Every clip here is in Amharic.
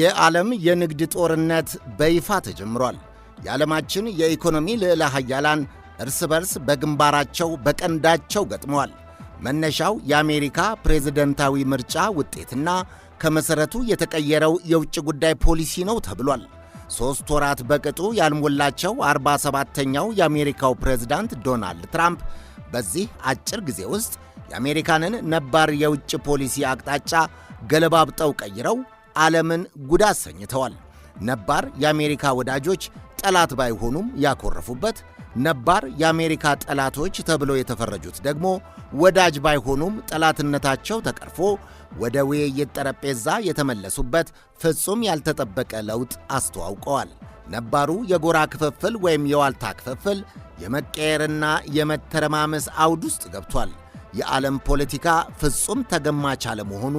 የዓለም የንግድ ጦርነት በይፋ ተጀምሯል። የዓለማችን የኢኮኖሚ ልዕለ ኃያላን እርስ በርስ በግንባራቸው በቀንዳቸው ገጥመዋል። መነሻው የአሜሪካ ፕሬዝደንታዊ ምርጫ ውጤትና ከመሠረቱ የተቀየረው የውጭ ጉዳይ ፖሊሲ ነው ተብሏል። ሦስት ወራት በቅጡ ያልሞላቸው 47ተኛው የአሜሪካው ፕሬዝዳንት ዶናልድ ትራምፕ በዚህ አጭር ጊዜ ውስጥ የአሜሪካንን ነባር የውጭ ፖሊሲ አቅጣጫ ገለባብጠው ቀይረው ዓለምን ጉድ አሰኝተዋል። ነባር የአሜሪካ ወዳጆች ጠላት ባይሆኑም ያኮረፉበት፣ ነባር የአሜሪካ ጠላቶች ተብለው የተፈረጁት ደግሞ ወዳጅ ባይሆኑም ጠላትነታቸው ተቀርፎ ወደ ውይይት ጠረጴዛ የተመለሱበት ፍጹም ያልተጠበቀ ለውጥ አስተዋውቀዋል። ነባሩ የጎራ ክፍፍል ወይም የዋልታ ክፍፍል የመቀየርና የመተረማመስ አውድ ውስጥ ገብቷል። የዓለም ፖለቲካ ፍጹም ተገማች አለመሆኑ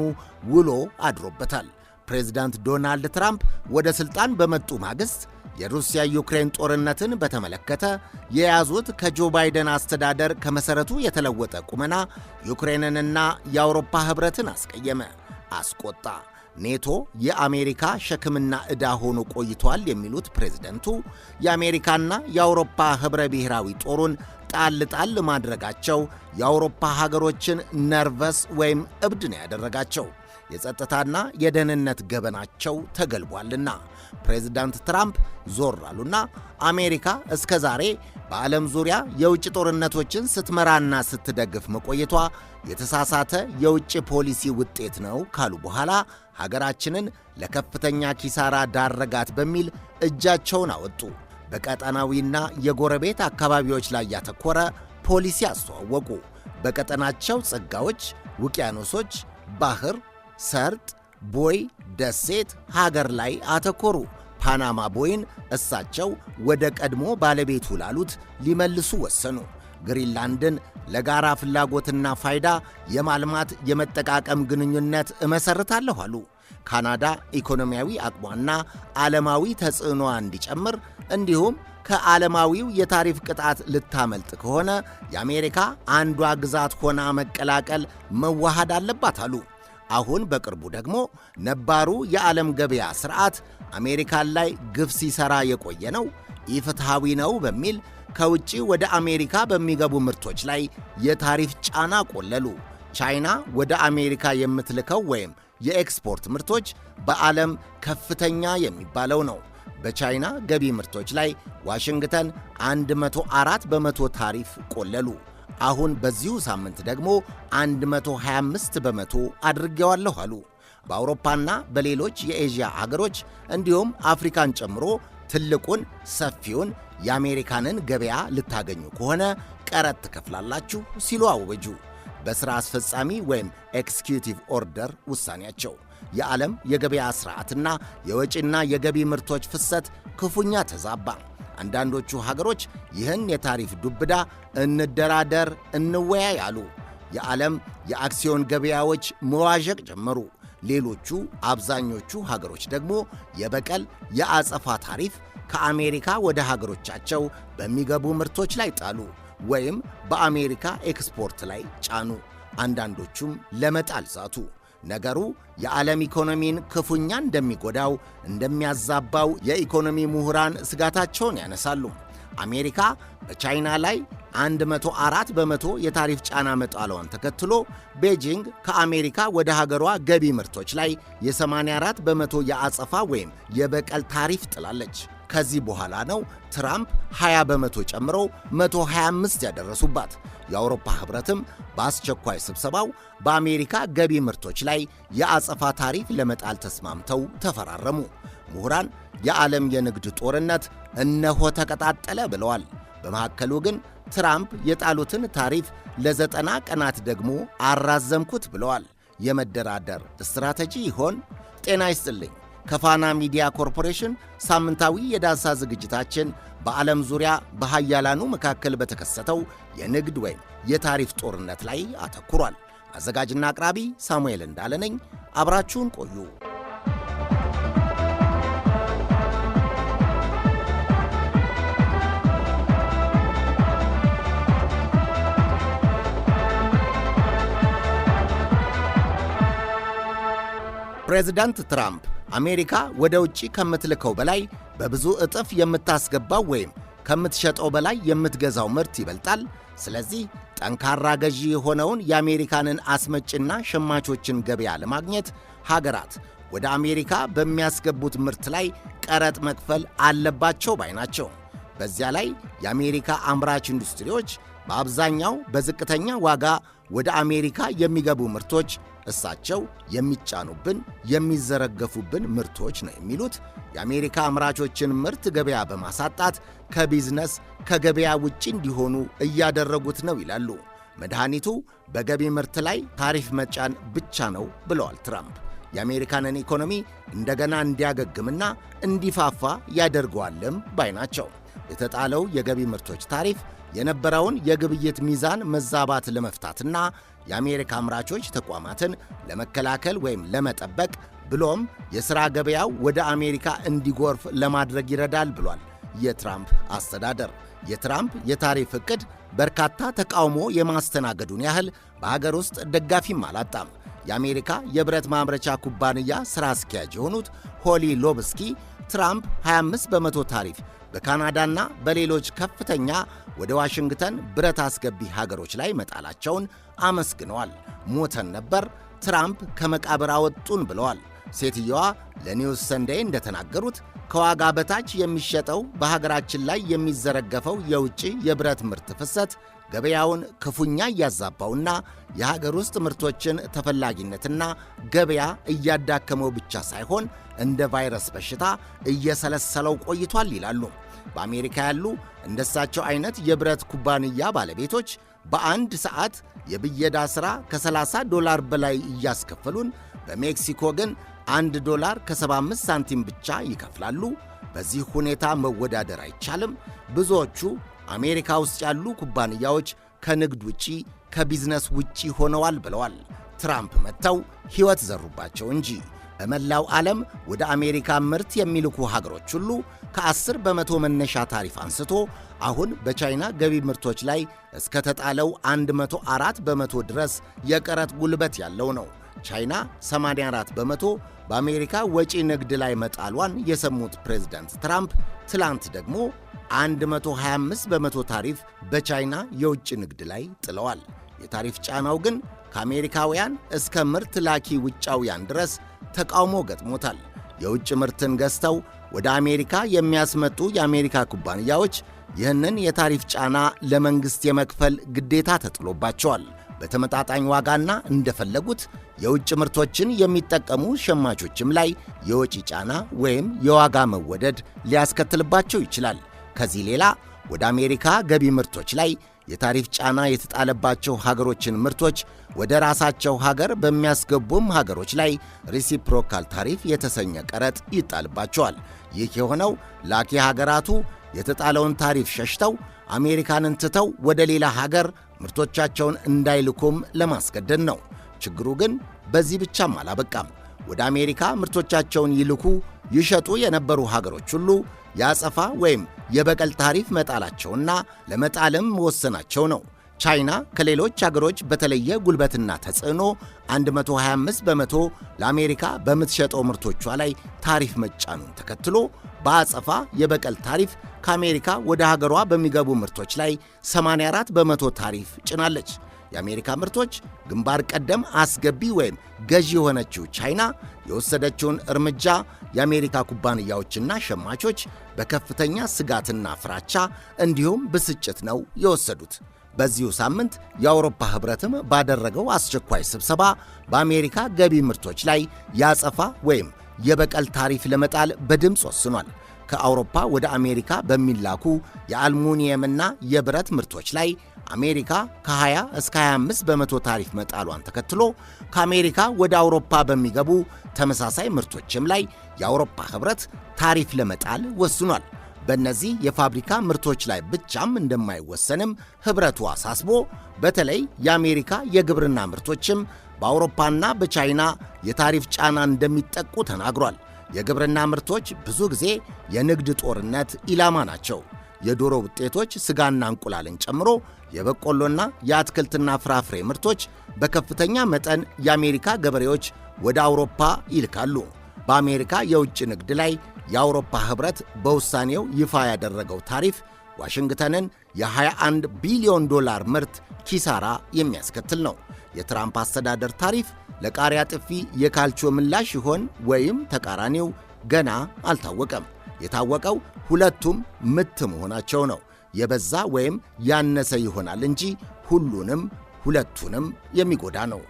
ውሎ አድሮበታል። ፕሬዚዳንት ዶናልድ ትራምፕ ወደ ሥልጣን በመጡ ማግስት የሩሲያ ዩክሬን ጦርነትን በተመለከተ የያዙት ከጆ ባይደን አስተዳደር ከመሠረቱ የተለወጠ ቁመና ዩክሬንንና የአውሮፓ ኅብረትን አስቀየመ፣ አስቆጣ። ኔቶ የአሜሪካ ሸክምና ዕዳ ሆኖ ቆይቷል የሚሉት ፕሬዝደንቱ የአሜሪካና የአውሮፓ ኅብረ ብሔራዊ ጦሩን ጣል ጣል ማድረጋቸው የአውሮፓ ሀገሮችን ነርቨስ ወይም እብድ ነው ያደረጋቸው። የጸጥታና የደህንነት ገበናቸው ተገልቧልና ፕሬዚዳንት ትራምፕ ዞር አሉና አሜሪካ እስከ ዛሬ በዓለም ዙሪያ የውጭ ጦርነቶችን ስትመራና ስትደግፍ መቆየቷ የተሳሳተ የውጭ ፖሊሲ ውጤት ነው ካሉ በኋላ ሀገራችንን ለከፍተኛ ኪሳራ ዳረጋት በሚል እጃቸውን አወጡ። በቀጠናዊና የጎረቤት አካባቢዎች ላይ ያተኮረ ፖሊሲ አስተዋወቁ። በቀጠናቸው ጸጋዎች፣ ውቅያኖሶች፣ ባህር ሰርጥ፣ ቦይ ደሴት ሀገር ላይ አተኮሩ። ፓናማ ቦይን እሳቸው ወደ ቀድሞ ባለቤቱ ላሉት ሊመልሱ ወሰኑ። ግሪንላንድን ለጋራ ፍላጎትና ፋይዳ የማልማት የመጠቃቀም ግንኙነት እመሰርታለሁ አሉ። ካናዳ ኢኮኖሚያዊ አቅሟና ዓለማዊ ተጽዕኖዋ እንዲጨምር እንዲሁም ከዓለማዊው የታሪፍ ቅጣት ልታመልጥ ከሆነ የአሜሪካ አንዷ ግዛት ሆና መቀላቀል መዋሃድ አለባት አሉ። አሁን በቅርቡ ደግሞ ነባሩ የዓለም ገበያ ስርዓት አሜሪካን ላይ ግፍ ሲሰራ የቆየ ነው፣ ኢፍትሐዊ ነው በሚል ከውጭ ወደ አሜሪካ በሚገቡ ምርቶች ላይ የታሪፍ ጫና ቆለሉ። ቻይና ወደ አሜሪካ የምትልከው ወይም የኤክስፖርት ምርቶች በዓለም ከፍተኛ የሚባለው ነው። በቻይና ገቢ ምርቶች ላይ ዋሽንግተን 104 በመቶ ታሪፍ ቆለሉ። አሁን በዚሁ ሳምንት ደግሞ 125 በመቶ አድርጌዋለሁ አሉ። በአውሮፓና በሌሎች የኤዥያ አገሮች እንዲሁም አፍሪካን ጨምሮ ትልቁን ሰፊውን የአሜሪካንን ገበያ ልታገኙ ከሆነ ቀረጥ ትከፍላላችሁ ሲሉ አወጁ። በሥራ አስፈጻሚ ወይም ኤክስኪዩቲቭ ኦርደር ውሳኔያቸው የዓለም የገበያ ሥርዓትና የወጪና የገቢ ምርቶች ፍሰት ክፉኛ ተዛባ። አንዳንዶቹ ሀገሮች ይህን የታሪፍ ዱብዳ እንደራደር፣ እንወያይ አሉ። የዓለም የአክሲዮን ገበያዎች መዋዠቅ ጀመሩ። ሌሎቹ አብዛኞቹ ሀገሮች ደግሞ የበቀል የአጸፋ ታሪፍ ከአሜሪካ ወደ ሀገሮቻቸው በሚገቡ ምርቶች ላይ ጣሉ ወይም በአሜሪካ ኤክስፖርት ላይ ጫኑ። አንዳንዶቹም ለመጣል ዛቱ። ነገሩ የዓለም ኢኮኖሚን ክፉኛ እንደሚጎዳው እንደሚያዛባው የኢኮኖሚ ምሁራን ስጋታቸውን ያነሳሉ። አሜሪካ በቻይና ላይ 104 በመቶ የታሪፍ ጫና መጣሏን ተከትሎ ቤጂንግ ከአሜሪካ ወደ ሀገሯ ገቢ ምርቶች ላይ የ84 በመቶ የአጸፋ ወይም የበቀል ታሪፍ ጥላለች። ከዚህ በኋላ ነው ትራምፕ 20 በመቶ ጨምረው 125 ያደረሱባት። የአውሮፓ ህብረትም በአስቸኳይ ስብሰባው በአሜሪካ ገቢ ምርቶች ላይ የአጸፋ ታሪፍ ለመጣል ተስማምተው ተፈራረሙ። ምሁራን የዓለም የንግድ ጦርነት እነሆ ተቀጣጠለ ብለዋል። በመካከሉ ግን ትራምፕ የጣሉትን ታሪፍ ለዘጠና ቀናት ደግሞ አራዘምኩት ብለዋል። የመደራደር ስትራቴጂ ይሆን? ጤና ይስጥልኝ። ከፋና ሚዲያ ኮርፖሬሽን ሳምንታዊ የዳሰሳ ዝግጅታችን በዓለም ዙሪያ በሃያላኑ መካከል በተከሰተው የንግድ ወይም የታሪፍ ጦርነት ላይ አተኩሯል። አዘጋጅና አቅራቢ ሳሙኤል እንዳለ ነኝ። አብራችሁን ቆዩ። ፕሬዚዳንት ትራምፕ አሜሪካ ወደ ውጭ ከምትልከው በላይ በብዙ እጥፍ የምታስገባው ወይም ከምትሸጠው በላይ የምትገዛው ምርት ይበልጣል። ስለዚህ ጠንካራ ገዢ የሆነውን የአሜሪካንን አስመጭና ሸማቾችን ገበያ ለማግኘት ሀገራት ወደ አሜሪካ በሚያስገቡት ምርት ላይ ቀረጥ መክፈል አለባቸው ባይ ናቸው። በዚያ ላይ የአሜሪካ አምራች ኢንዱስትሪዎች በአብዛኛው በዝቅተኛ ዋጋ ወደ አሜሪካ የሚገቡ ምርቶች እሳቸው የሚጫኑብን የሚዘረገፉብን ምርቶች ነው የሚሉት የአሜሪካ አምራቾችን ምርት ገበያ በማሳጣት ከቢዝነስ ከገበያ ውጪ እንዲሆኑ እያደረጉት ነው ይላሉ። መድኃኒቱ በገቢ ምርት ላይ ታሪፍ መጫን ብቻ ነው ብለዋል ትራምፕ። የአሜሪካንን ኢኮኖሚ እንደገና እንዲያገግምና እንዲፋፋ ያደርገዋልም ባይ ናቸው። የተጣለው የገቢ ምርቶች ታሪፍ የነበረውን የግብይት ሚዛን መዛባት ለመፍታትና የአሜሪካ አምራቾች ተቋማትን ለመከላከል ወይም ለመጠበቅ ብሎም የሥራ ገበያው ወደ አሜሪካ እንዲጎርፍ ለማድረግ ይረዳል ብሏል የትራምፕ አስተዳደር። የትራምፕ የታሪፍ ዕቅድ በርካታ ተቃውሞ የማስተናገዱን ያህል በሀገር ውስጥ ደጋፊም አላጣም። የአሜሪካ የብረት ማምረቻ ኩባንያ ሥራ አስኪያጅ የሆኑት ሆሊ ሎብስኪ ትራምፕ 25 በመቶ ታሪፍ በካናዳና በሌሎች ከፍተኛ ወደ ዋሽንግተን ብረት አስገቢ ሀገሮች ላይ መጣላቸውን አመስግነዋል። ሞተን ነበር፣ ትራምፕ ከመቃብር አወጡን ብለዋል። ሴትየዋ ለኒውስ ሰንዴይ እንደተናገሩት ከዋጋ በታች የሚሸጠው በሀገራችን ላይ የሚዘረገፈው የውጭ የብረት ምርት ፍሰት ገበያውን ክፉኛ እያዛባውና የሀገር ውስጥ ምርቶችን ተፈላጊነትና ገበያ እያዳከመው ብቻ ሳይሆን እንደ ቫይረስ በሽታ እየሰለሰለው ቆይቷል ይላሉ። በአሜሪካ ያሉ እንደሳቸው አይነት የብረት ኩባንያ ባለቤቶች በአንድ ሰዓት የብየዳ ሥራ ከ30 ዶላር በላይ እያስከፈሉን፣ በሜክሲኮ ግን 1 ዶላር ከ75 ሳንቲም ብቻ ይከፍላሉ። በዚህ ሁኔታ መወዳደር አይቻልም። ብዙዎቹ አሜሪካ ውስጥ ያሉ ኩባንያዎች ከንግድ ውጪ ከቢዝነስ ውጪ ሆነዋል ብለዋል። ትራምፕ መጥተው ሕይወት ዘሩባቸው እንጂ በመላው ዓለም ወደ አሜሪካ ምርት የሚልኩ ሀገሮች ሁሉ ከ10 በመቶ መነሻ ታሪፍ አንስቶ አሁን በቻይና ገቢ ምርቶች ላይ እስከተጣለው 104 በመቶ ድረስ የቀረጥ ጉልበት ያለው ነው። ቻይና 84 በመቶ በአሜሪካ ወጪ ንግድ ላይ መጣሏን የሰሙት ፕሬዝደንት ትራምፕ ትላንት ደግሞ 125 በመቶ ታሪፍ በቻይና የውጭ ንግድ ላይ ጥለዋል። የታሪፍ ጫናው ግን ከአሜሪካውያን እስከ ምርት ላኪ ውጫውያን ድረስ ተቃውሞ ገጥሞታል። የውጭ ምርትን ገዝተው ወደ አሜሪካ የሚያስመጡ የአሜሪካ ኩባንያዎች ይህንን የታሪፍ ጫና ለመንግሥት የመክፈል ግዴታ ተጥሎባቸዋል። በተመጣጣኝ ዋጋና እንደፈለጉት የውጭ ምርቶችን የሚጠቀሙ ሸማቾችም ላይ የወጪ ጫና ወይም የዋጋ መወደድ ሊያስከትልባቸው ይችላል። ከዚህ ሌላ ወደ አሜሪካ ገቢ ምርቶች ላይ የታሪፍ ጫና የተጣለባቸው ሀገሮችን ምርቶች ወደ ራሳቸው ሀገር በሚያስገቡም ሀገሮች ላይ ሪሲፕሮካል ታሪፍ የተሰኘ ቀረጥ ይጣልባቸዋል። ይህ የሆነው ላኪ ሀገራቱ የተጣለውን ታሪፍ ሸሽተው አሜሪካንን ትተው ወደ ሌላ ሀገር ምርቶቻቸውን እንዳይልኩም ለማስገደድ ነው። ችግሩ ግን በዚህ ብቻም አላበቃም። ወደ አሜሪካ ምርቶቻቸውን ይልኩ ይሸጡ የነበሩ ሀገሮች ሁሉ የአጸፋ ወይም የበቀል ታሪፍ መጣላቸውና ለመጣልም መወሰናቸው ነው። ቻይና ከሌሎች አገሮች በተለየ ጉልበትና ተጽዕኖ 125 በመቶ ለአሜሪካ በምትሸጠው ምርቶቿ ላይ ታሪፍ መጫኑን ተከትሎ በአጸፋ የበቀል ታሪፍ ከአሜሪካ ወደ ሀገሯ በሚገቡ ምርቶች ላይ 84 በመቶ ታሪፍ ጭናለች። የአሜሪካ ምርቶች ግንባር ቀደም አስገቢ ወይም ገዢ የሆነችው ቻይና የወሰደችውን እርምጃ የአሜሪካ ኩባንያዎችና ሸማቾች በከፍተኛ ስጋትና ፍራቻ እንዲሁም ብስጭት ነው የወሰዱት። በዚሁ ሳምንት የአውሮፓ ኅብረትም ባደረገው አስቸኳይ ስብሰባ በአሜሪካ ገቢ ምርቶች ላይ ያጸፋ ወይም የበቀል ታሪፍ ለመጣል በድምፅ ወስኗል። ከአውሮፓ ወደ አሜሪካ በሚላኩ የአልሙኒየምና የብረት ምርቶች ላይ አሜሪካ ከ20 እስከ 25 በመቶ ታሪፍ መጣሏን ተከትሎ ከአሜሪካ ወደ አውሮፓ በሚገቡ ተመሳሳይ ምርቶችም ላይ የአውሮፓ ኅብረት ታሪፍ ለመጣል ወስኗል። በእነዚህ የፋብሪካ ምርቶች ላይ ብቻም እንደማይወሰንም ኅብረቱ አሳስቦ በተለይ የአሜሪካ የግብርና ምርቶችም በአውሮፓና በቻይና የታሪፍ ጫና እንደሚጠቁ ተናግሯል። የግብርና ምርቶች ብዙ ጊዜ የንግድ ጦርነት ኢላማ ናቸው። የዶሮ ውጤቶች ስጋና እንቁላልን ጨምሮ የበቆሎና የአትክልትና ፍራፍሬ ምርቶች በከፍተኛ መጠን የአሜሪካ ገበሬዎች ወደ አውሮፓ ይልካሉ። በአሜሪካ የውጭ ንግድ ላይ የአውሮፓ ኅብረት በውሳኔው ይፋ ያደረገው ታሪፍ ዋሽንግተንን የ21 ቢሊዮን ዶላር ምርት ኪሳራ የሚያስከትል ነው። የትራምፕ አስተዳደር ታሪፍ ለቃሪያ ጥፊ የካልቾ ምላሽ ይሆን ወይም ተቃራኒው ገና አልታወቀም። የታወቀው ሁለቱም ምት መሆናቸው ነው። የበዛ ወይም ያነሰ ይሆናል እንጂ ሁሉንም ሁለቱንም የሚጎዳ ነው።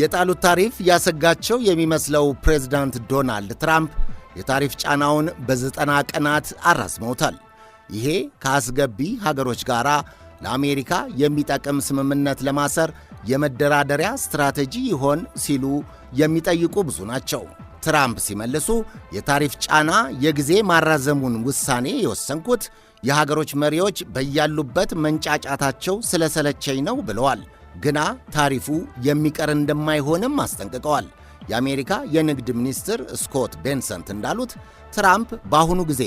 የጣሉት ታሪፍ ያሰጋቸው የሚመስለው ፕሬዝዳንት ዶናልድ ትራምፕ የታሪፍ ጫናውን በዘጠና ቀናት አራዝመውታል። ይሄ ከአስገቢ ሀገሮች ጋር ለአሜሪካ የሚጠቅም ስምምነት ለማሰር የመደራደሪያ ስትራቴጂ ይሆን ሲሉ የሚጠይቁ ብዙ ናቸው። ትራምፕ ሲመልሱ የታሪፍ ጫና የጊዜ ማራዘሙን ውሳኔ የወሰንኩት የሀገሮች መሪዎች በያሉበት መንጫጫታቸው ስለሰለቸኝ ነው ብለዋል። ግና ታሪፉ የሚቀር እንደማይሆንም አስጠንቅቀዋል። የአሜሪካ የንግድ ሚኒስትር ስኮት ቤንሰንት እንዳሉት ትራምፕ በአሁኑ ጊዜ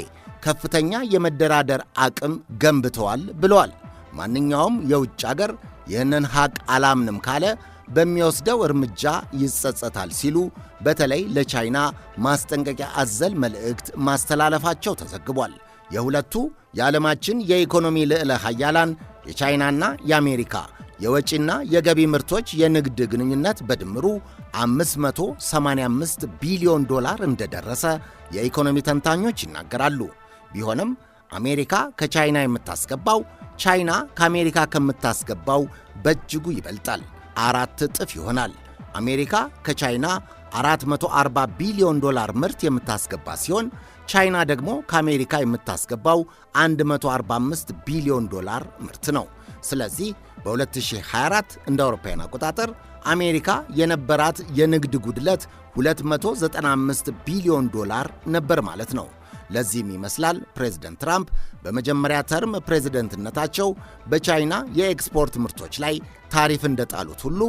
ከፍተኛ የመደራደር አቅም ገንብተዋል ብለዋል። ማንኛውም የውጭ አገር ይህንን ሐቅ አላምንም ካለ በሚወስደው እርምጃ ይጸጸታል ሲሉ በተለይ ለቻይና ማስጠንቀቂያ አዘል መልእክት ማስተላለፋቸው ተዘግቧል። የሁለቱ የዓለማችን የኢኮኖሚ ልዕለ ኃያላን የቻይናና የአሜሪካ የወጪና የገቢ ምርቶች የንግድ ግንኙነት በድምሩ 585 ቢሊዮን ዶላር እንደደረሰ የኢኮኖሚ ተንታኞች ይናገራሉ። ቢሆንም አሜሪካ ከቻይና የምታስገባው ቻይና ከአሜሪካ ከምታስገባው በእጅጉ ይበልጣል፣ አራት እጥፍ ይሆናል። አሜሪካ ከቻይና 440 ቢሊዮን ዶላር ምርት የምታስገባ ሲሆን ቻይና ደግሞ ከአሜሪካ የምታስገባው 145 ቢሊዮን ዶላር ምርት ነው። ስለዚህ በ2024 እንደ አውሮፓውያን አቆጣጠር አሜሪካ የነበራት የንግድ ጉድለት 295 ቢሊዮን ዶላር ነበር ማለት ነው። ለዚህም ይመስላል ፕሬዝደንት ትራምፕ በመጀመሪያ ተርም ፕሬዝደንትነታቸው በቻይና የኤክስፖርት ምርቶች ላይ ታሪፍ እንደጣሉት ሁሉ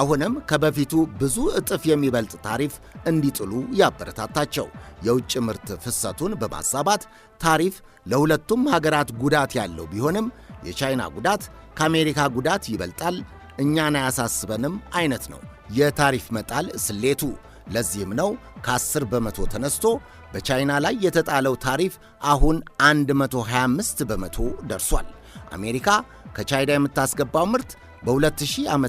አሁንም ከበፊቱ ብዙ እጥፍ የሚበልጥ ታሪፍ እንዲጥሉ ያበረታታቸው። የውጭ ምርት ፍሰቱን በማሳባት ታሪፍ ለሁለቱም ሀገራት ጉዳት ያለው ቢሆንም የቻይና ጉዳት ከአሜሪካ ጉዳት ይበልጣል፣ እኛን አያሳስበንም አይነት ነው የታሪፍ መጣል ስሌቱ። ለዚህም ነው ከ10 በመቶ ተነስቶ በቻይና ላይ የተጣለው ታሪፍ አሁን 125 በመቶ ደርሷል። አሜሪካ ከቻይና የምታስገባው ምርት በ2000 ዓ ም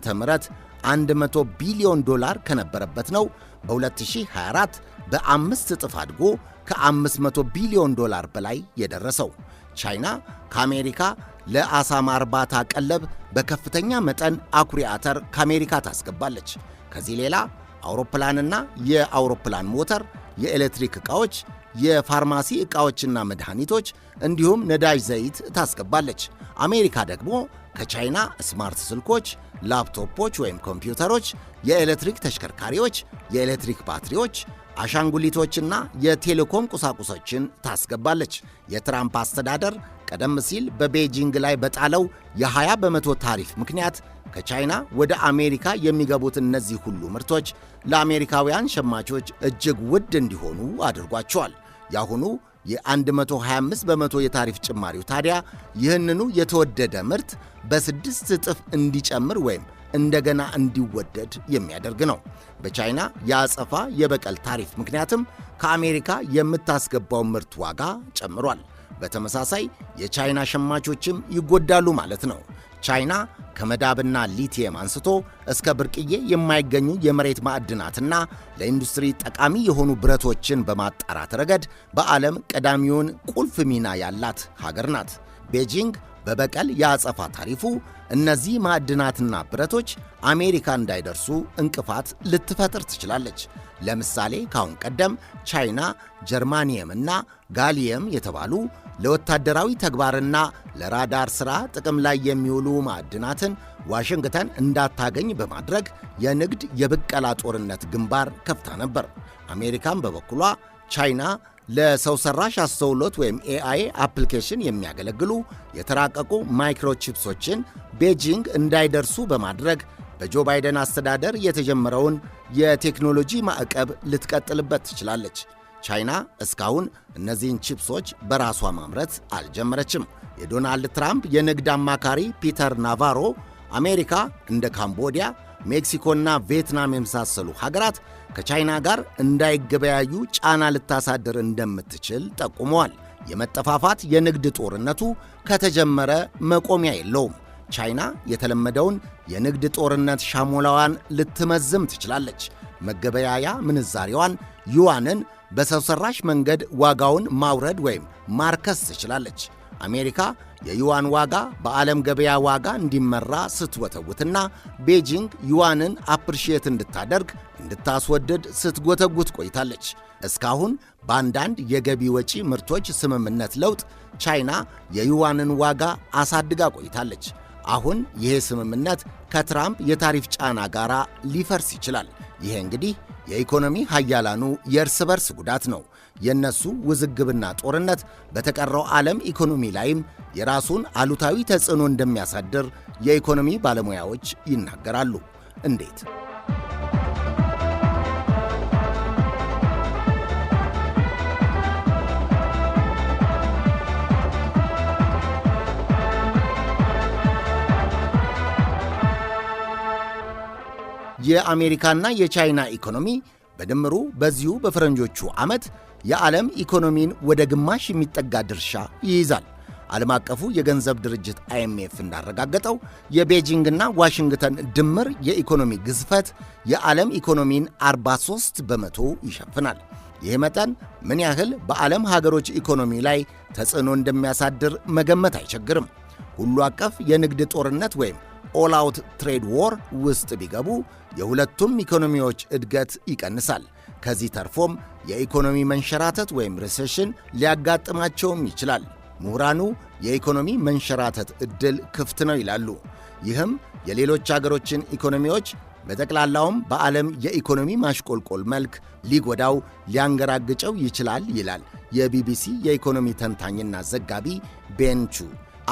100 ቢሊዮን ዶላር ከነበረበት ነው በ2024 በአምስት እጥፍ አድጎ ከ500 ቢሊዮን ዶላር በላይ የደረሰው። ቻይና ከአሜሪካ ለአሳማ እርባታ ቀለብ በከፍተኛ መጠን አኩሪ አተር ከአሜሪካ ታስገባለች። ከዚህ ሌላ አውሮፕላንና የአውሮፕላን ሞተር፣ የኤሌክትሪክ ዕቃዎች፣ የፋርማሲ ዕቃዎችና መድኃኒቶች እንዲሁም ነዳጅ ዘይት ታስገባለች። አሜሪካ ደግሞ ከቻይና ስማርት ስልኮች፣ ላፕቶፖች ወይም ኮምፒውተሮች፣ የኤሌክትሪክ ተሽከርካሪዎች፣ የኤሌክትሪክ ባትሪዎች አሻንጉሊቶችና የቴሌኮም ቁሳቁሶችን ታስገባለች። የትራምፕ አስተዳደር ቀደም ሲል በቤጂንግ ላይ በጣለው የ20 በመቶ ታሪፍ ምክንያት ከቻይና ወደ አሜሪካ የሚገቡት እነዚህ ሁሉ ምርቶች ለአሜሪካውያን ሸማቾች እጅግ ውድ እንዲሆኑ አድርጓቸዋል። የአሁኑ የ125 በመቶ የታሪፍ ጭማሪው ታዲያ ይህንኑ የተወደደ ምርት በስድስት እጥፍ እንዲጨምር ወይም እንደገና እንዲወደድ የሚያደርግ ነው። በቻይና የአጸፋ የበቀል ታሪፍ ምክንያትም ከአሜሪካ የምታስገባው ምርት ዋጋ ጨምሯል። በተመሳሳይ የቻይና ሸማቾችም ይጎዳሉ ማለት ነው። ቻይና ከመዳብና ሊቲየም አንስቶ እስከ ብርቅዬ የማይገኙ የመሬት ማዕድናትና ለኢንዱስትሪ ጠቃሚ የሆኑ ብረቶችን በማጣራት ረገድ በዓለም ቀዳሚውን ቁልፍ ሚና ያላት ሀገር ናት። ቤጂንግ በበቀል የአጸፋ ታሪፉ እነዚህ ማዕድናትና ብረቶች አሜሪካ እንዳይደርሱ እንቅፋት ልትፈጥር ትችላለች። ለምሳሌ ከአሁን ቀደም ቻይና ጀርማኒየም እና ጋሊየም የተባሉ ለወታደራዊ ተግባርና ለራዳር ሥራ ጥቅም ላይ የሚውሉ ማዕድናትን ዋሽንግተን እንዳታገኝ በማድረግ የንግድ የብቀላ ጦርነት ግንባር ከፍታ ነበር። አሜሪካም በበኩሏ ቻይና ለሰው ሰራሽ አስተውሎት ወይም ኤአይ አፕሊኬሽን የሚያገለግሉ የተራቀቁ ማይክሮቺፕሶችን ቤጂንግ እንዳይደርሱ በማድረግ በጆ ባይደን አስተዳደር የተጀመረውን የቴክኖሎጂ ማዕቀብ ልትቀጥልበት ትችላለች። ቻይና እስካሁን እነዚህን ቺፕሶች በራሷ ማምረት አልጀመረችም። የዶናልድ ትራምፕ የንግድ አማካሪ ፒተር ናቫሮ አሜሪካ እንደ ካምቦዲያ ሜክሲኮና ቪየትናም የመሳሰሉ ሀገራት ከቻይና ጋር እንዳይገበያዩ ጫና ልታሳድር እንደምትችል ጠቁመዋል። የመጠፋፋት የንግድ ጦርነቱ ከተጀመረ መቆሚያ የለውም። ቻይና የተለመደውን የንግድ ጦርነት ሻሞላዋን ልትመዝም ትችላለች። መገበያያ ምንዛሬዋን ዩዋንን በሰው መንገድ ዋጋውን ማውረድ ወይም ማርከስ ትችላለች። አሜሪካ የዩዋን ዋጋ በዓለም ገበያ ዋጋ እንዲመራ ስትወተውትና ቤጂንግ ዩዋንን አፕሪሺየት እንድታደርግ እንድታስወድድ ስትጎተጉት ቆይታለች። እስካሁን በአንዳንድ የገቢ ወጪ ምርቶች ስምምነት ለውጥ ቻይና የዩዋንን ዋጋ አሳድጋ ቆይታለች። አሁን ይሄ ስምምነት ከትራምፕ የታሪፍ ጫና ጋር ሊፈርስ ይችላል። ይሄ እንግዲህ የኢኮኖሚ ሀያላኑ የእርስ በርስ ጉዳት ነው። የእነሱ ውዝግብና ጦርነት በተቀረው ዓለም ኢኮኖሚ ላይም የራሱን አሉታዊ ተጽዕኖ እንደሚያሳድር የኢኮኖሚ ባለሙያዎች ይናገራሉ። እንዴት? የአሜሪካና የቻይና ኢኮኖሚ በድምሩ በዚሁ በፈረንጆቹ ዓመት የዓለም ኢኮኖሚን ወደ ግማሽ የሚጠጋ ድርሻ ይይዛል። ዓለም አቀፉ የገንዘብ ድርጅት አይኤምኤፍ እንዳረጋገጠው የቤጂንግና ዋሽንግተን ድምር የኢኮኖሚ ግዝፈት የዓለም ኢኮኖሚን 43 በመቶ ይሸፍናል። ይህ መጠን ምን ያህል በዓለም ሀገሮች ኢኮኖሚ ላይ ተጽዕኖ እንደሚያሳድር መገመት አይቸግርም። ሁሉ አቀፍ የንግድ ጦርነት ወይም ኦል አውት ትሬድ ዎር ውስጥ ቢገቡ የሁለቱም ኢኮኖሚዎች እድገት ይቀንሳል። ከዚህ ተርፎም የኢኮኖሚ መንሸራተት ወይም ሪሴሽን ሊያጋጥማቸውም ይችላል። ምሁራኑ የኢኮኖሚ መንሸራተት ዕድል ክፍት ነው ይላሉ። ይህም የሌሎች አገሮችን ኢኮኖሚዎች በጠቅላላውም በዓለም የኢኮኖሚ ማሽቆልቆል መልክ ሊጎዳው ሊያንገራግጨው ይችላል ይላል የቢቢሲ የኢኮኖሚ ተንታኝና ዘጋቢ ቤንቹ።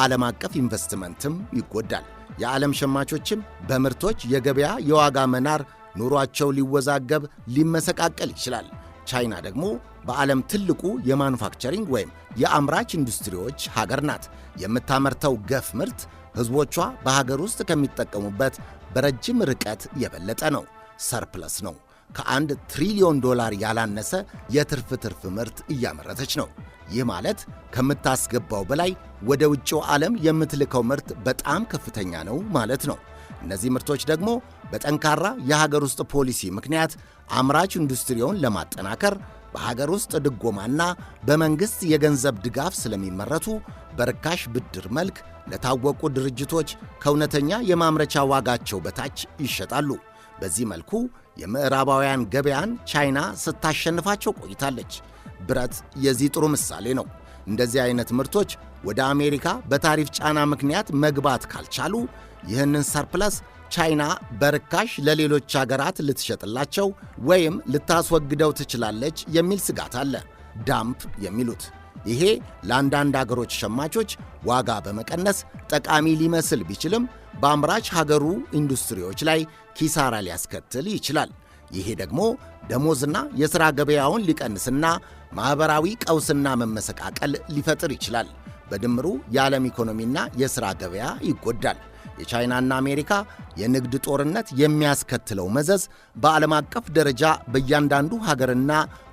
ዓለም አቀፍ ኢንቨስትመንትም ይጎዳል። የዓለም ሸማቾችም በምርቶች የገበያ የዋጋ መናር ኑሯቸው ሊወዛገብ ሊመሰቃቀል ይችላል። ቻይና ደግሞ በዓለም ትልቁ የማኑፋክቸሪንግ ወይም የአምራች ኢንዱስትሪዎች ሀገር ናት። የምታመርተው ገፍ ምርት ሕዝቦቿ በሀገር ውስጥ ከሚጠቀሙበት በረጅም ርቀት የበለጠ ነው፣ ሰርፕለስ ነው። ከአንድ ትሪሊዮን ዶላር ያላነሰ የትርፍ ትርፍ ምርት እያመረተች ነው። ይህ ማለት ከምታስገባው በላይ ወደ ውጭው ዓለም የምትልከው ምርት በጣም ከፍተኛ ነው ማለት ነው። እነዚህ ምርቶች ደግሞ በጠንካራ የሀገር ውስጥ ፖሊሲ ምክንያት አምራች ኢንዱስትሪውን ለማጠናከር በሀገር ውስጥ ድጎማና በመንግሥት የገንዘብ ድጋፍ ስለሚመረቱ በርካሽ ብድር መልክ ለታወቁ ድርጅቶች ከእውነተኛ የማምረቻ ዋጋቸው በታች ይሸጣሉ። በዚህ መልኩ የምዕራባውያን ገበያን ቻይና ስታሸንፋቸው ቆይታለች። ብረት የዚህ ጥሩ ምሳሌ ነው። እንደዚህ አይነት ምርቶች ወደ አሜሪካ በታሪፍ ጫና ምክንያት መግባት ካልቻሉ ይህንን ሰርፕለስ ቻይና በርካሽ ለሌሎች አገራት ልትሸጥላቸው ወይም ልታስወግደው ትችላለች የሚል ስጋት አለ። ዳምፕ የሚሉት ይሄ ለአንዳንድ አገሮች ሸማቾች ዋጋ በመቀነስ ጠቃሚ ሊመስል ቢችልም በአምራች ሀገሩ ኢንዱስትሪዎች ላይ ኪሳራ ሊያስከትል ይችላል። ይሄ ደግሞ ደሞዝና የሥራ ገበያውን ሊቀንስና ማኅበራዊ ቀውስና መመሰቃቀል ሊፈጥር ይችላል። በድምሩ የዓለም ኢኮኖሚና የሥራ ገበያ ይጎዳል። የቻይናና አሜሪካ የንግድ ጦርነት የሚያስከትለው መዘዝ በዓለም አቀፍ ደረጃ በእያንዳንዱ ሀገርና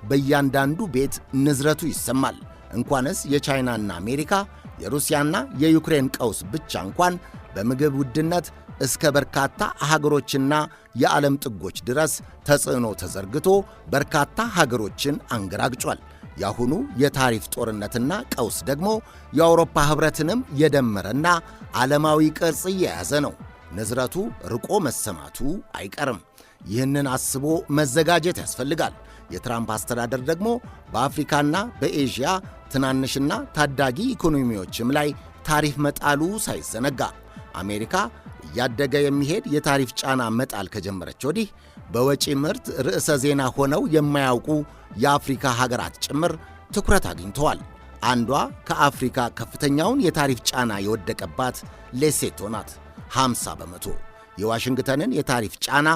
በእያንዳንዱ ቤት ንዝረቱ ይሰማል። እንኳንስ የቻይናና አሜሪካ የሩሲያና የዩክሬን ቀውስ ብቻ እንኳን በምግብ ውድነት እስከ በርካታ ሀገሮችና የዓለም ጥጎች ድረስ ተጽዕኖ ተዘርግቶ በርካታ ሀገሮችን አንገራግጯል። የአሁኑ የታሪፍ ጦርነትና ቀውስ ደግሞ የአውሮፓ ኅብረትንም የደመረና ዓለማዊ ቅርጽ እየያዘ ነው። ንዝረቱ ርቆ መሰማቱ አይቀርም። ይህንን አስቦ መዘጋጀት ያስፈልጋል። የትራምፕ አስተዳደር ደግሞ በአፍሪካና በኤዥያ ትናንሽና ታዳጊ ኢኮኖሚዎችም ላይ ታሪፍ መጣሉ ሳይዘነጋ አሜሪካ እያደገ የሚሄድ የታሪፍ ጫና መጣል ከጀመረች ወዲህ በወጪ ምርት ርዕሰ ዜና ሆነው የማያውቁ የአፍሪካ ሀገራት ጭምር ትኩረት አግኝተዋል። አንዷ ከአፍሪካ ከፍተኛውን የታሪፍ ጫና የወደቀባት ሌሴቶ ናት። 50 በመቶ የዋሽንግተንን የታሪፍ ጫና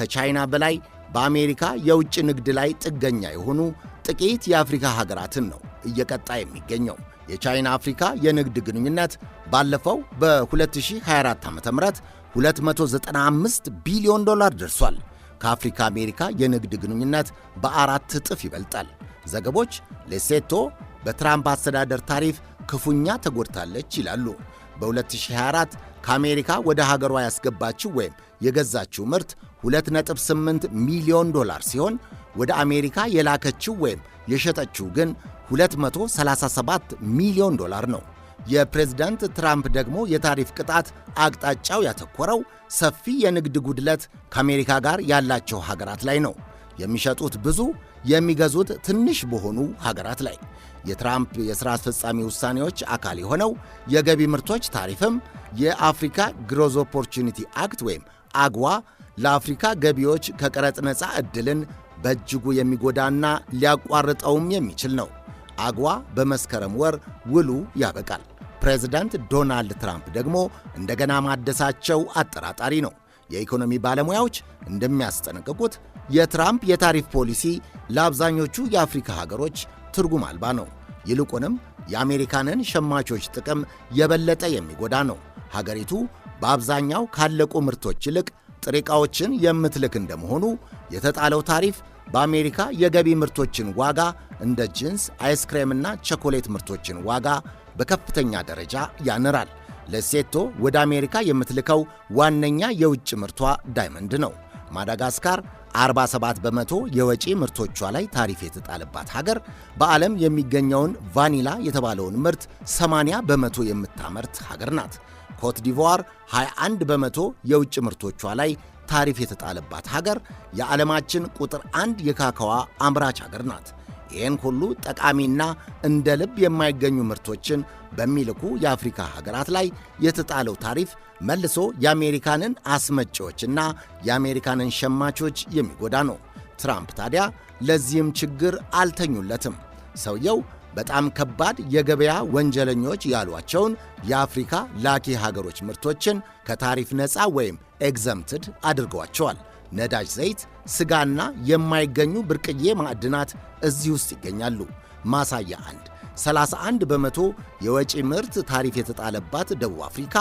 ከቻይና በላይ በአሜሪካ የውጭ ንግድ ላይ ጥገኛ የሆኑ ጥቂት የአፍሪካ ሀገራትን ነው እየቀጣ የሚገኘው። የቻይና አፍሪካ የንግድ ግንኙነት ባለፈው በ2024 ዓ ም 295 ቢሊዮን ዶላር ደርሷል። ከአፍሪካ አሜሪካ የንግድ ግንኙነት በአራት እጥፍ ይበልጣል። ዘገቦች ሌሴቶ በትራምፕ አስተዳደር ታሪፍ ክፉኛ ተጎድታለች ይላሉ። በ2024 ከአሜሪካ ወደ ሀገሯ ያስገባችው ወይም የገዛችው ምርት 2.8 ሚሊዮን ዶላር ሲሆን ወደ አሜሪካ የላከችው ወይም የሸጠችው ግን 237 ሚሊዮን ዶላር ነው። የፕሬዝዳንት ትራምፕ ደግሞ የታሪፍ ቅጣት አቅጣጫው ያተኮረው ሰፊ የንግድ ጉድለት ከአሜሪካ ጋር ያላቸው ሀገራት ላይ ነው። የሚሸጡት ብዙ የሚገዙት ትንሽ በሆኑ ሀገራት ላይ። የትራምፕ የሥራ አስፈጻሚ ውሳኔዎች አካል የሆነው የገቢ ምርቶች ታሪፍም የአፍሪካ ግሮዝ ኦፖርቹኒቲ አክት ወይም አግዋ ለአፍሪካ ገቢዎች ከቀረጥ ነፃ ዕድልን በእጅጉ የሚጎዳና ሊያቋርጠውም የሚችል ነው። አግዋ በመስከረም ወር ውሉ ያበቃል። ፕሬዚዳንት ዶናልድ ትራምፕ ደግሞ እንደገና ማደሳቸው አጠራጣሪ ነው። የኢኮኖሚ ባለሙያዎች እንደሚያስጠነቅቁት የትራምፕ የታሪፍ ፖሊሲ ለአብዛኞቹ የአፍሪካ ሀገሮች ትርጉም አልባ ነው። ይልቁንም የአሜሪካንን ሸማቾች ጥቅም የበለጠ የሚጎዳ ነው። ሀገሪቱ በአብዛኛው ካለቁ ምርቶች ይልቅ ጥሬ ዕቃዎችን የምትልክ እንደመሆኑ የተጣለው ታሪፍ በአሜሪካ የገቢ ምርቶችን ዋጋ እንደ ጅንስ፣ አይስክሬምና ቸኮሌት ምርቶችን ዋጋ በከፍተኛ ደረጃ ያንራል። ለሴቶ ወደ አሜሪካ የምትልከው ዋነኛ የውጭ ምርቷ ዳይመንድ ነው። ማዳጋስካር 47 በመቶ የወጪ ምርቶቿ ላይ ታሪፍ የተጣለባት ሀገር በዓለም የሚገኘውን ቫኒላ የተባለውን ምርት 80 በመቶ የምታመርት ሀገር ናት። ኮት ዲቮር 21 በመቶ የውጭ ምርቶቿ ላይ ታሪፍ የተጣለባት ሀገር የዓለማችን ቁጥር አንድ የካካዋ አምራች ሀገር ናት። ይህን ሁሉ ጠቃሚና እንደ ልብ የማይገኙ ምርቶችን በሚልኩ የአፍሪካ ሀገራት ላይ የተጣለው ታሪፍ መልሶ የአሜሪካንን አስመጪዎችና የአሜሪካንን ሸማቾች የሚጎዳ ነው። ትራምፕ ታዲያ ለዚህም ችግር አልተኙለትም። ሰውየው በጣም ከባድ የገበያ ወንጀለኞች ያሏቸውን የአፍሪካ ላኪ ሀገሮች ምርቶችን ከታሪፍ ነፃ ወይም ኤግዘምትድ አድርገዋቸዋል። ነዳጅ ዘይት፣ ስጋና የማይገኙ ብርቅዬ ማዕድናት እዚህ ውስጥ ይገኛሉ። ማሳያ አንድ 31 በመቶ የወጪ ምርት ታሪፍ የተጣለባት ደቡብ አፍሪካ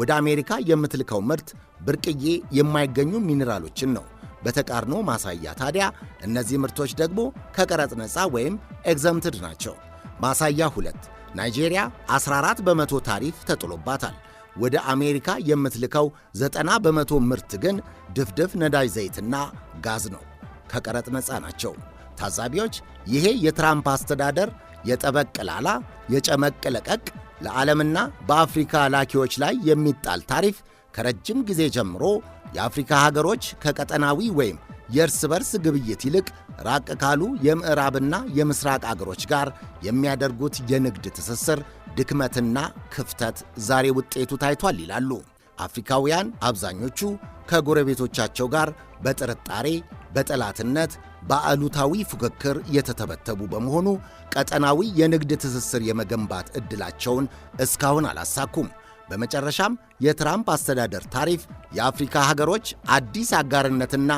ወደ አሜሪካ የምትልከው ምርት ብርቅዬ የማይገኙ ሚኔራሎችን ነው። በተቃርኖ ማሳያ ታዲያ እነዚህ ምርቶች ደግሞ ከቀረጥ ነፃ ወይም ኤግዘምትድ ናቸው። ማሳያ ሁለት ናይጄሪያ 14 በመቶ ታሪፍ ተጥሎባታል። ወደ አሜሪካ የምትልከው 90 በመቶ ምርት ግን ድፍድፍ ነዳጅ ዘይትና ጋዝ ነው። ከቀረጥ ነፃ ናቸው። ታዛቢዎች ይሄ የትራምፕ አስተዳደር የጠበቅ ላላ የጨመቅ ለቀቅ ለዓለምና በአፍሪካ ላኪዎች ላይ የሚጣል ታሪፍ ከረጅም ጊዜ ጀምሮ የአፍሪካ ሀገሮች ከቀጠናዊ ወይም የእርስ በርስ ግብይት ይልቅ ራቅ ካሉ የምዕራብና የምስራቅ አገሮች ጋር የሚያደርጉት የንግድ ትስስር ድክመትና ክፍተት ዛሬ ውጤቱ ታይቷል ይላሉ። አፍሪካውያን አብዛኞቹ ከጎረቤቶቻቸው ጋር በጥርጣሬ፣ በጠላትነት፣ በአሉታዊ ፉክክር የተተበተቡ በመሆኑ ቀጠናዊ የንግድ ትስስር የመገንባት ዕድላቸውን እስካሁን አላሳኩም። በመጨረሻም የትራምፕ አስተዳደር ታሪፍ የአፍሪካ ሀገሮች አዲስ አጋርነትና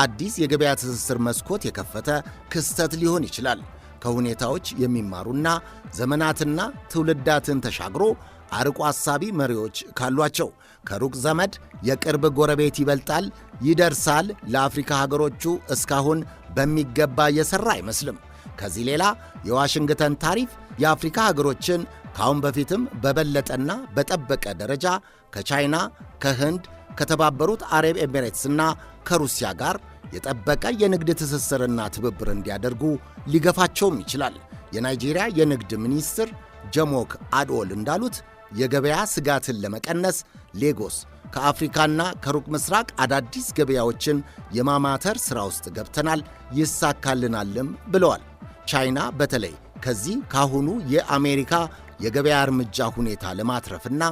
አዲስ የገበያ ትስስር መስኮት የከፈተ ክስተት ሊሆን ይችላል። ከሁኔታዎች የሚማሩና ዘመናትና ትውልዳትን ተሻግሮ አርቆ አሳቢ መሪዎች ካሏቸው ከሩቅ ዘመድ የቅርብ ጎረቤት ይበልጣል ይደርሳል ለአፍሪካ ሀገሮቹ እስካሁን በሚገባ የሠራ አይመስልም። ከዚህ ሌላ የዋሽንግተን ታሪፍ የአፍሪካ ሀገሮችን ከአሁን በፊትም በበለጠና በጠበቀ ደረጃ ከቻይና፣ ከህንድ ከተባበሩት አረብ ኤሚሬትስ እና ከሩሲያ ጋር የጠበቀ የንግድ ትስስርና ትብብር እንዲያደርጉ ሊገፋቸውም ይችላል። የናይጄሪያ የንግድ ሚኒስትር ጀሞክ አድኦል እንዳሉት የገበያ ስጋትን ለመቀነስ ሌጎስ ከአፍሪካና ከሩቅ ምስራቅ አዳዲስ ገበያዎችን የማማተር ሥራ ውስጥ ገብተናል፣ ይሳካልናልም ብለዋል። ቻይና በተለይ ከዚህ ካሁኑ የአሜሪካ የገበያ እርምጃ ሁኔታ ለማትረፍና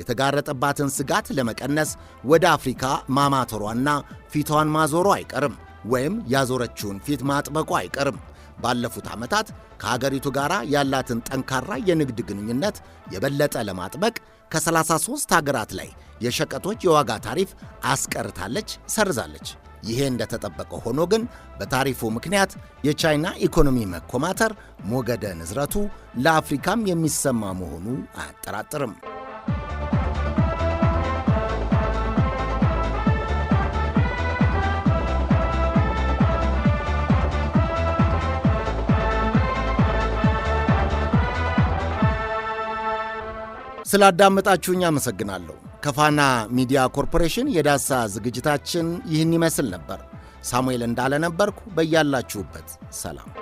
የተጋረጠባትን ስጋት ለመቀነስ ወደ አፍሪካ ማማተሯና ፊቷን ማዞሮ አይቀርም ወይም ያዞረችውን ፊት ማጥበቋ አይቀርም። ባለፉት ዓመታት ከአገሪቱ ጋር ያላትን ጠንካራ የንግድ ግንኙነት የበለጠ ለማጥበቅ ከ33 ሀገራት ላይ የሸቀጦች የዋጋ ታሪፍ አስቀርታለች፣ ሰርዛለች። ይሄ እንደተጠበቀ ሆኖ ግን በታሪፉ ምክንያት የቻይና ኢኮኖሚ መኮማተር ሞገደ ንዝረቱ ለአፍሪካም የሚሰማ መሆኑ አያጠራጥርም። ስላዳመጣችሁኝ አመሰግናለሁ። ከፋና ሚዲያ ኮርፖሬሽን የዳሳ ዝግጅታችን ይህን ይመስል ነበር። ሳሙኤል እንዳለ ነበርኩ። በያላችሁበት ሰላም